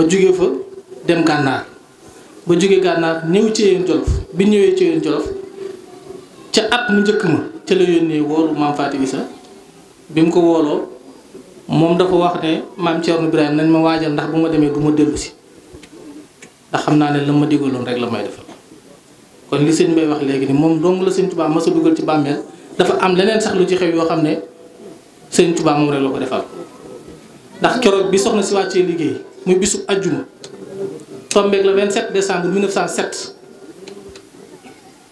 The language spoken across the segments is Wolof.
ba jóge fa dem gànnaar ba jóge gànnaar ñëw ci yéen jolof bi ñëwee ci yéen jolof ca at mu njëkk ma ca la yónnee woolu maam Faty Issa bi mu ko wooloo moom dafa wax ne maam Thierno Ibrahima nañ ma waajal ndax bu ma demee du ma dellu si ndax xam naa ne la ma digaloon rek la may defal kon li sëñ bay wax léegi ni moom dong la sëñ Tuubaa mas a dugal ci bàmmeel dafa am leneen sax lu ci xew yoo xam ne sëñ Tuubaa moom rek la ko defal ndax keroog bi soxna si liggéey muy bisub ajjuma tombeeg le 27 décembre 1907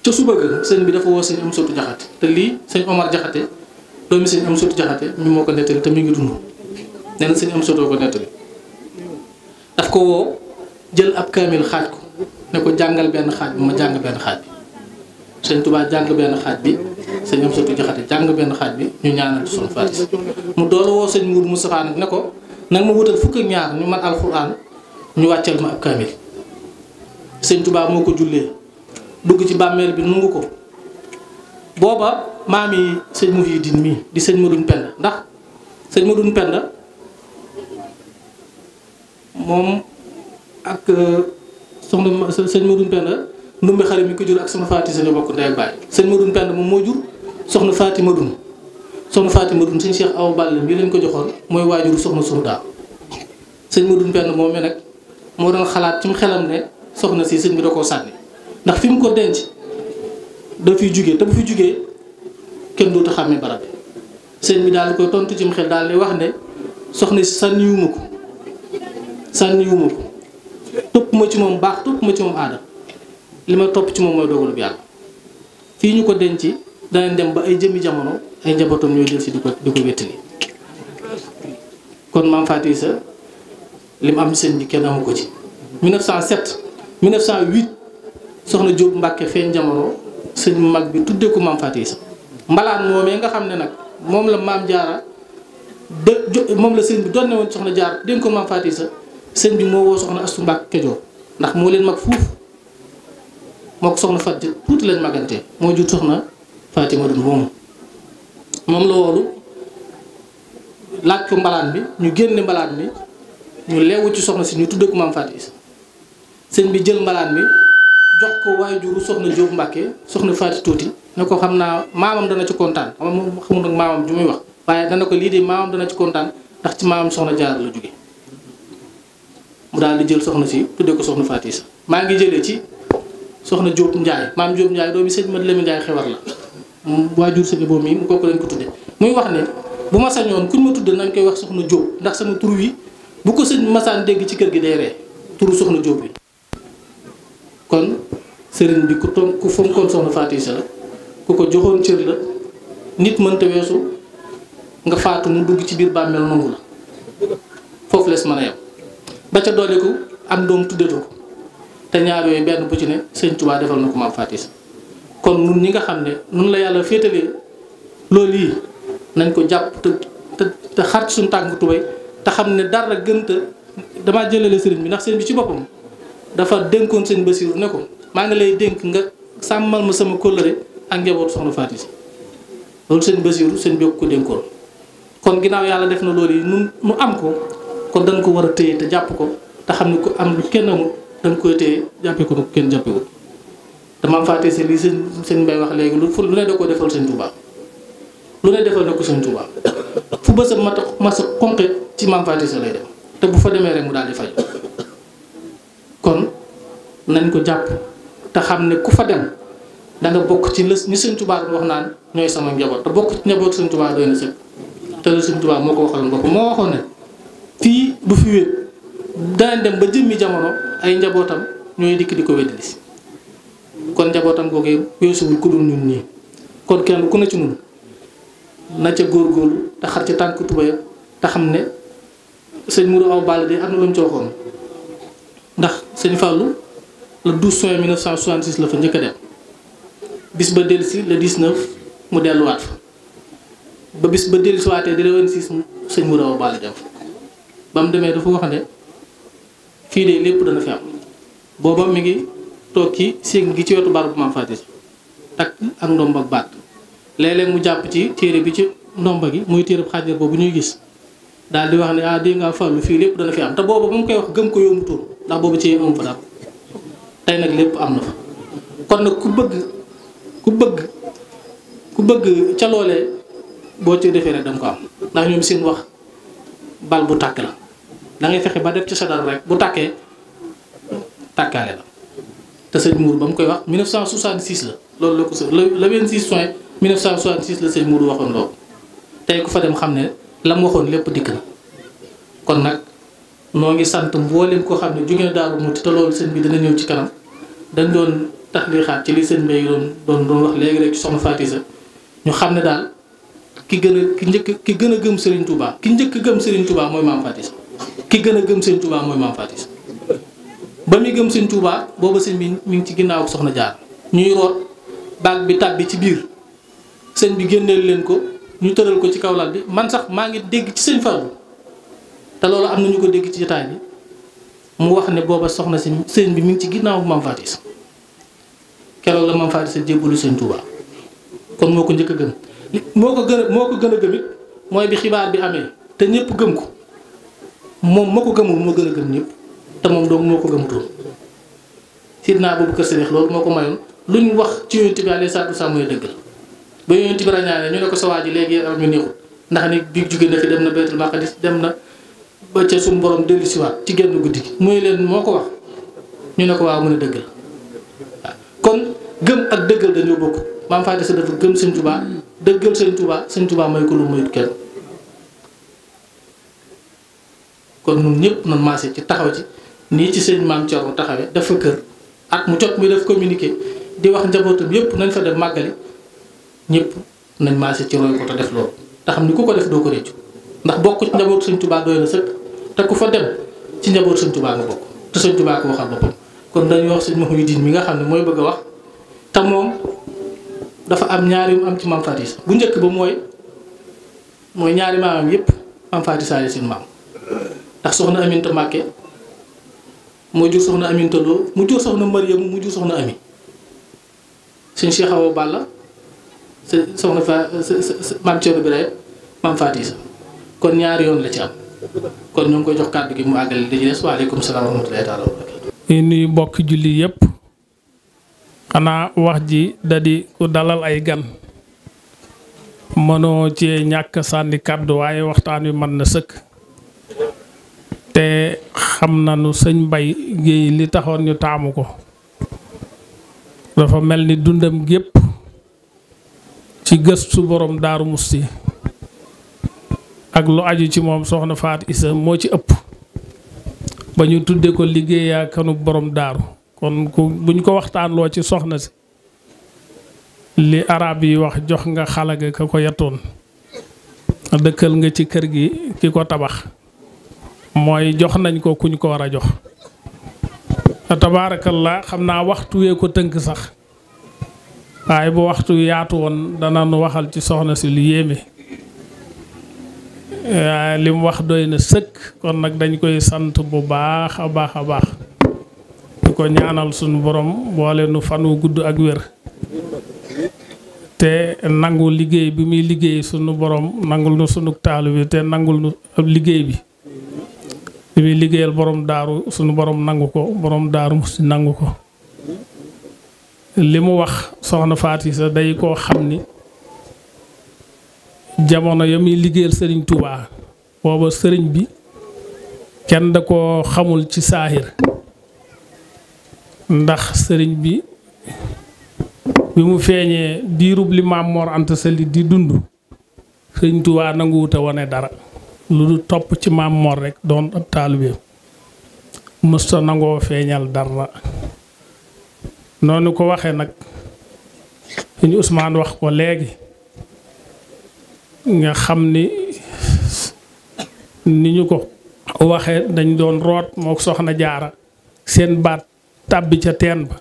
ca suba ga sëñ bi dafa woo sëñ am sotu jaxate te lii sëñ Omar jaxate doomi sëñ am sotu jaxate ñu moo ko nettali te mu ngi dund nee na sëñ am sotoo ko nettali daf ko woo jël ab kaamil xaaj ko ne ko jàngal benn xaaj bi ma jàng benn xaaj bi sëñ Tuubaa jàng benn xaaj bi sëñ am sotu jaxate jàng benn xaaj bi ñu ñaanal son faris mu doolu woo sëñ Mourou Moustapha nag ne ko nag ma wutal fukk ak ñaar ñu man alxuraan ñu wàcceel ma ab kaamil sëñ Tuubaa moo ko jullee dugg ci bàmmeel bi nungu ko booba maam yi sëñ Muhyiddin mii di sëñ Madoune Penda ndax sëñ Madoune Penda moom ak euh, soxna sëñ Madoune Penda ndumbi xale mi ko jur ak soxna Faati sa ñu bokk ndey ak baay sëñ Madoune moom moo jur soxna Faati Madoune soxna Fatima Dund sëñ Cheikh Awa Balla bi leen ko joxoon mooy waajuru soxna Sumda sëñ ma dund benn moomee nag moo doon xalaat ci mu xelam ne soxna si sëñ bi da koo sànni ndax fi mu ko denc da fiy jugee te bu kenn dootu xàmmee barab bi sëñ koy tontu ci xel daal di wax ne soxna si sànniwuma ko sànniwuma topp ma ci moom baax topp ma ci moom aada li ma topp ci moom mooy dogalu bi yàlla fii ñu ko denc. danañ dem ba ay jëmmi jamono ay njabootam ñooy del si di ko di ko wéttali kon maam Fatou Issa li mu am sëñ bi kenn amu ko ci 1907 1908 soxna Diop Mbacke feeñ jamono mu mag bi tuddee ko maam Fatou Issa moomee nga xam ne nag moom la maam jaara de moom la sëñ bi doon ne woon soxna jaar dénk ko maam Fatou Issa sëñ bi moo woo soxna astu Mbacke Kajoor ndax moo leen mag fuuf moo ko soxna Fatou tuuti lañ magantee Fatima dund moomu moom la woolu laaj bi ñu génne mbalaat bi ñu leewu ci soxna si ñu tudde ko maam Fatou Isa sëñ bi jël mbalaan bi jox ko waajuru soxna Jóob Mbàkke soxna Fatou tuuti ne ko xam naa maamam dana ci kontaan xam nag maamam ju wax waaye dana ko lii de maamam dana ci kontaan ndax ci maamam soxna jaar la jóge mu daal di jël soxna si tudde ko soxna Fatou Isa maa ngi jëlee ci soxna Jóob Njaay maam Jóob Njaay doomi sëñ Mat Lamin Njaay xewar la waajur sëñ Ebo mii mu ko leen ko tuddee muy wax ne bu ma sañoon ñu ma tuddal nañ koy wax soxna Diop ndax sama tur wi bu ko sëñ masaan dégg ci kër gi day ree turu soxna jóob bi kon sëriñ bi ku toog ku fonkoon soxna Fatou Issa la ku ko joxoon cër la nit mënta weesu nga faatu mu dugg ci biir bàmmeel nangu la foofu lees mën a yem ba ca dooleeku am doom tuddatu ko te ñaar yooyu benn bu ci ne sëñ Tuubaa defal na ko maam Fatou Issa kon nun ñi nga xam ne nun la yàlla féetalee loolu yi nañ ko jàpp te te te xar ci suñu tànk tubéy te xam ne dara gënta damaa jëlale sëriñ bi ndax sëriñ bi ci boppam dafa dénkoon sëñ Basiru ne ko maa ngi lay dénk nga sàmmal ma sama kóllëre ak njaboot soxna Faati loolu seen Basiru sëñ bi ko dénkoon kon ginnaaw yàlla def na loolu yi nun nu am ko kon dañ ko war a téye te jàpp ko te xam ne ko am lu kenn amul dañ koy téye jàppee ko nag kenn jàppewul dama fàtte si lii seen seen mbay wax léegi lu fu lu ne da koo defal seen Tuubaa lu ne defal na ko seen Tuubaa fu ba sa ma sa ci maam fàtte dem te bu fa demee rek mu daal di nañ ko jàpp te xam ne ku fa dem da bokk ci lës ñi seen Tuubaa wax naan ñooy sama njaboot bokk ci njaboot seen Tuubaa doy na sëkk te seen Tuubaa moo ko waxal bopp moo waxoon ne fii bu fi wéet danañ dem ba jëmmi jamono ay njabootam ñooy dikk di ko wéddi si kon njabootam boo weesuwul ku dul ñun ñii kon kenn ku ne ci ñun na ca góor góorgóorlu te xar ci tànk tubaya te xam ne sëñ Mourou Awa Balla de am na lu mu ci waxoon ndax sëñ Fallou le 12 juin 1966 la fa njëkk a dem bis ba dellusi mu delluwaat ba bis ba dellusiwaatee di le 26 sëñ Mourou Awa Balla dem ba mu demee dafa wax fii de lépp dana fi am booba mi ngi. toog ci séng gi ci wetu barab bu maam Faati takk ak ndomba ak baat léeg-léeg mu jàpp ci téere bi ci ndomba gi muy téere bu boobu ñuy gis daal di wax ne ah dégg ngaa fii lépp dana fi am te boobu ba mu koy wax gëm ko yombutoon ndax boobu ci am fa dara tey nag lépp am na fa kon nag ku bëgg ku bëgg ku bëgg ca loolee boo ci defee rek danga ko am ndax ñoom seen wax bal bu takk la da fexe ba def ci sa dara rek bu takkee tàkkaale la te sëñ Mourou ba mu koy wax 1966 la loolu la ko sëñ le le 26 juin 1966 la sëñ Mourou waxoon loolu tey ku fa dem xam ne la mu waxoon lépp dikk na kon nag moo ngi sant mboolem ko xam ne jóge daal Daaru mu te loolu sëñ bi dana ñëw ci kanam dañ doon tax li xaat ci li sëñ Mbaye doon doon doon wax léegi rek ci soxna Fatisa ñu xam ne daal ki gën a ki njëkk ki gën a gëm Serigne Touba ki njëkk gëm Serigne Touba mooy maam Fatisa ki gën a gëm Serigne Touba mooy maam ba muy gëm sëñ Touba booba sëñ bi mi ngi ci ginnaaw soxna jaar ñuy root baag bi tàbbi ci biir sëñ bi génneel leen ko ñu tëral ko ci kaw lal bi man sax maa ngi dégg ci sëñ Fallou te loolu am na ñu ko dégg ci jotaay bi mu wax ne booba soxna si sëñ bi mu ngi ci ginnaaw Mame Fatis keroog la Mame Fatis jébbalu sëñ Touba kon moo ko njëkk a gëm ko gën moo ko gën a gëm mooy bi xibaar bi amee te ñëpp gëm ko moom moo ko gëmul moo gën a gëm ñëpp. te moom doomu moo ko gëmutoon Sidna Abubakar Sadiq loolu moo ko mayoon luñ wax ci yonent bi alayhi salaatu wasalaam mooy dëggal ba yonent bi ñu ne ko sa ji léegi am ñu neexul ndax ni bi jóge na fi dem na Baytul Maqdis dem na ba ca suñu borom dellu guddi gi leen moo ko wax ñu ne ko waaw mën kon gëm ak dëggal dañoo bokk maam Faty Issa dafa gëm sëñ Tuubaa dëggal sëñ Tuubaa sëñ Tuubaa may ko lu mayut kenn kon ñun ñëpp nan maase ci taxaw ci nii ci sëñ maam Thierno taxawee dafa kër at mu jot muy def communiqué di wax njabootam yëpp nañ fa dem màggali ñëpp nañ maase ci roy ko te def loolu te xam ni ku ko def doo ko réccu ndax bokk ci njabootu sëñ Tuubaa doy na ku fa dem ci njabootu sëñ Tuubaa nga bokk te sëñ Tuubaa ko waxal boppam kon dañuy wax sëñ Mouhidine mi nga xam ne mooy bëgg a wax te moom dafa am ñaari mu am ci maam Fatis bu njëkk ba mooy mooy ñaari maamam yëpp maam Fatis aale seen maam ndax soxna Aminta Mbàkke moo jur soxna Aminta Lo mu jur soxna Mariam mu jur soxna Ami sëñ Cheikh Awa Balla soxna fa maam Thierno Birahim maam kon ñaari yoon la ci am kon ñoo koy jox kàddu gi mu àggale di ci des waaleykum salaam wa rahmatullaahi taala wa barakaatu. ñu nuyu mbokk julli yëpp xanaa wax ji da ku dalal ay gan mënoo cee ñàkk sànni kàddu waaye waxtaan wi man na sëkk. te xam na nu sëñ Mbay Géey li taxoon ñu taamu ko dafa mel ni dundam gépp ci gëstu borom Daaru mus si ak lu aju ci moom soxna Faat Isa moo ci ëpp ba ñu tuddee ko liggéeyaa kanu borom daaru kon ku buñ ko waxtaanloo ci soxna si li arab yi wax jox nga xalaga ka ko yatoon dëkkal nga ci kër gi ki ko tabax mooy jox nañ ko kuñ ko war a jox la xam naa waxtu wee ko tënk sax waaye bu waxtu yaatu woon dana nu waxal ci soxna si lu yéeme li mu wax doy na sëkk kon nag dañ koy sant bu baax a baax a baax di ko ñaanal suñu borom boole nu fan wu gudd ak wér te nangu liggéey bi muy liggéey sunu borom nangul nu sunu taalu bi te nangul liggéey bi li muy liggéeyal borom daaru sunu borom nangu ko boroom daaru musi nangu ko li mu wax soxna Faati sa day koo xam ni jamono ya muy liggéeyal sëriñ Touba booba sëriñ bi kenn da koo xamul ci saahir ndax sëriñ bi bi mu feeñee diirub li maam Mor Anta Sali di dund sëriñ Touba nanguwuta wane dara lu du topp ci maam Mor rek doon ab taalibe mësta nangoo feeñal dara noonu ko waxee nag ñu usmaan wax ko léegi nga xam ni ni ñu ko waxe dañ doon root moo soxna jaara seen baat tàbbi ca teen ba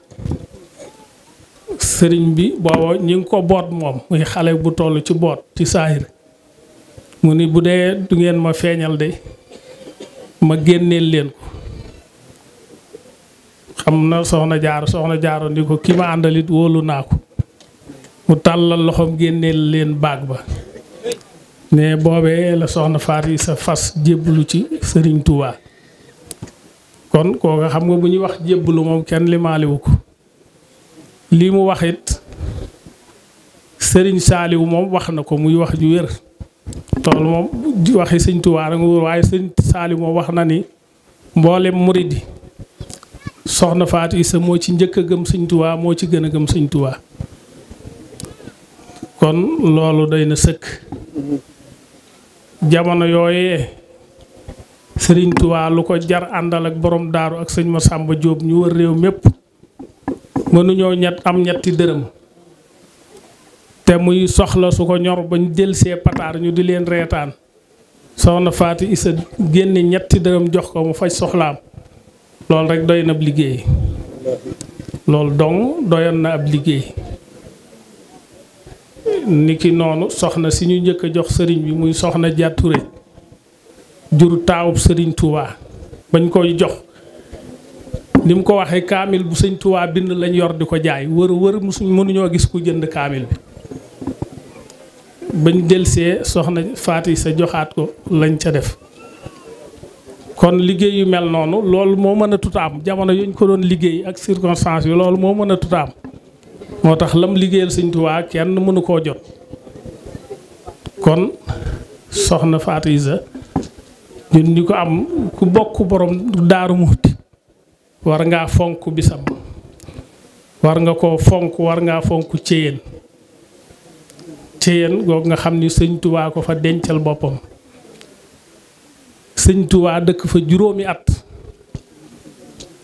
sëriñ bi booba ñi ngi ko boot moom muy xale bu toll ci boot ci saahir mu ni bu dee du ngeen ma feeñal de ma génneel leen ko xam na soxna jaar soxna jaaro ni ko ki ma àndalit wóolu naa ko mu tàllal loxoom génneel leen baag ba ne boobee la soxna faat yi sa fas jébbalu ci sëriñ Touba kon kooka xam nga bu ñuy wax jébbalu moom kenn limaaliwu ko lii mu waxit sëriñ saaliwu moom wax na ko muy wax ju wér tool moom waxi sëñ Tuubaa rek waaye sëñ Saaliw wax na ni mboolem murid yi soxna Faatu Isa moo ci njëkk a gëm sëñtuwaa moo ci gën a gëm sëñ kon loolu day na sëkk jamono yooye sëriñ Tuubaa lu ko jar àndal ak borom daaru ak sëñ Masamba Jóob ñu wër réew mépp mënuñoo ñett am ñetti dërëm te muy soxla su ko ñor ba ñu jël see pataar ñu di leen reetaan soxna Faati Isa génne ñetti dërëm jox ko mu faj soxlaam loolu rek doy na ab liggéey loolu dong doyoon na ab liggéey niki noonu soxna si ñu njëkk a jox sëriñ bi muy soxna jàtture jur taawub sëriñ Touba bañ koy jox ni ko waxee kaamil bu sëñ Touba bind lañ yor di ko jaay wër wër mënuñoo gis ku jënd kaamil bi bañ delsee soxna faati sa joxaat ko lañ ca def kon liggéey yu mel noonu loolu moo mën a tutaam jamono yuñ ko doon liggéey ak circonstance yi loolu moo mën a tutaam moo tax lam liggéeyal Sëñ Tuubaa kenn mënu koo jot kon soxna Fatou Isa ko am ku bokk borom daaru muuti war ngaa fonk bisam war nga koo fonk war ngaa fonk céyeen ceyeen googu nga xam ni sëñ tubaa ko fa dencal boppam sëñtuwaa dëkk fa juróomi at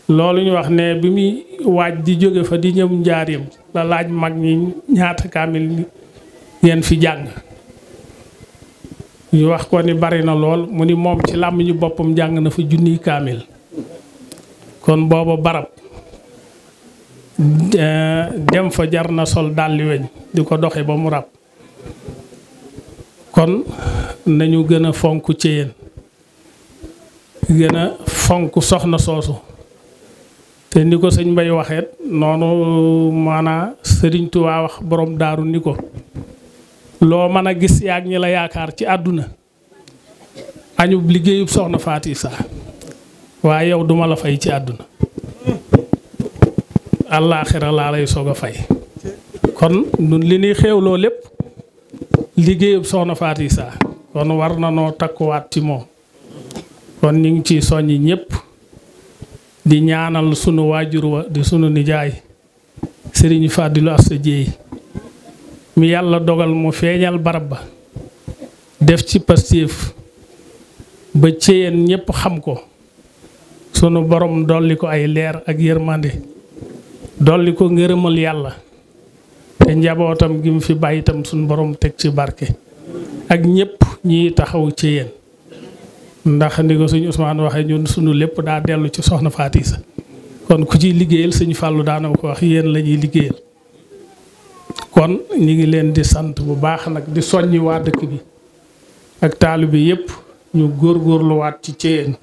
loolu ñu wax ne bi muy waaj di jóge fa di ñëw njaareem la laaj mag ñi ñaata kaamil ngeen fi jàng ñu wax ko ni bari na lool mu ni moom ci làmb ñu boppam jàng na fa junni kaamil kon booba barab eh, dem fa jar na sol dàlli weñ di ko doxe ba mu rab kon nañu gën a fonk céyeen gën a fonk soxna soosu te ni ko sëñ bay waxeet noonu maanaa sëriñ Tuubaa wax borom daaru ni ko loo mën a gis yaag ñi la yaakaar ci àdduna añub liggéeyub soxna Faati Isa waaye yow duma la fay ci àdduna àllaaxira laa lay soog a fay kon nun li nuy xeewloo lépp liggéeyub soxna Faty kon war na noo takkuwaat ci moom kon ñu ngi ciy soññi ñëpp di ñaanal sunu waajur wa di sunu nijaay Serigne Fadilou sa Dieye mi yàlla dogal mu feeñal barab ba def ci pastéef ba céyeen ñépp xam ko sunu boroom dolli ko ay leer ak yërmande dolli ko ngërëmal yàlla te njabootam gi mu fi bàyyi tam suñu boroom teg ci barke ak ñëpp ñiy taxaw ci yéen ndax ni ko suñu Ousmane waxee ñun suñu lépp daa dellu ci soxna Faati sa kon ku ciy liggéeyal suñu fàllu daana ko wax yéen la ñuy liggéeyal kon ñu ngi leen di sant bu baax nag di soññi waa dëkk bi ak taalibe bi yépp ñu góor góorluwaat ci Thiéyène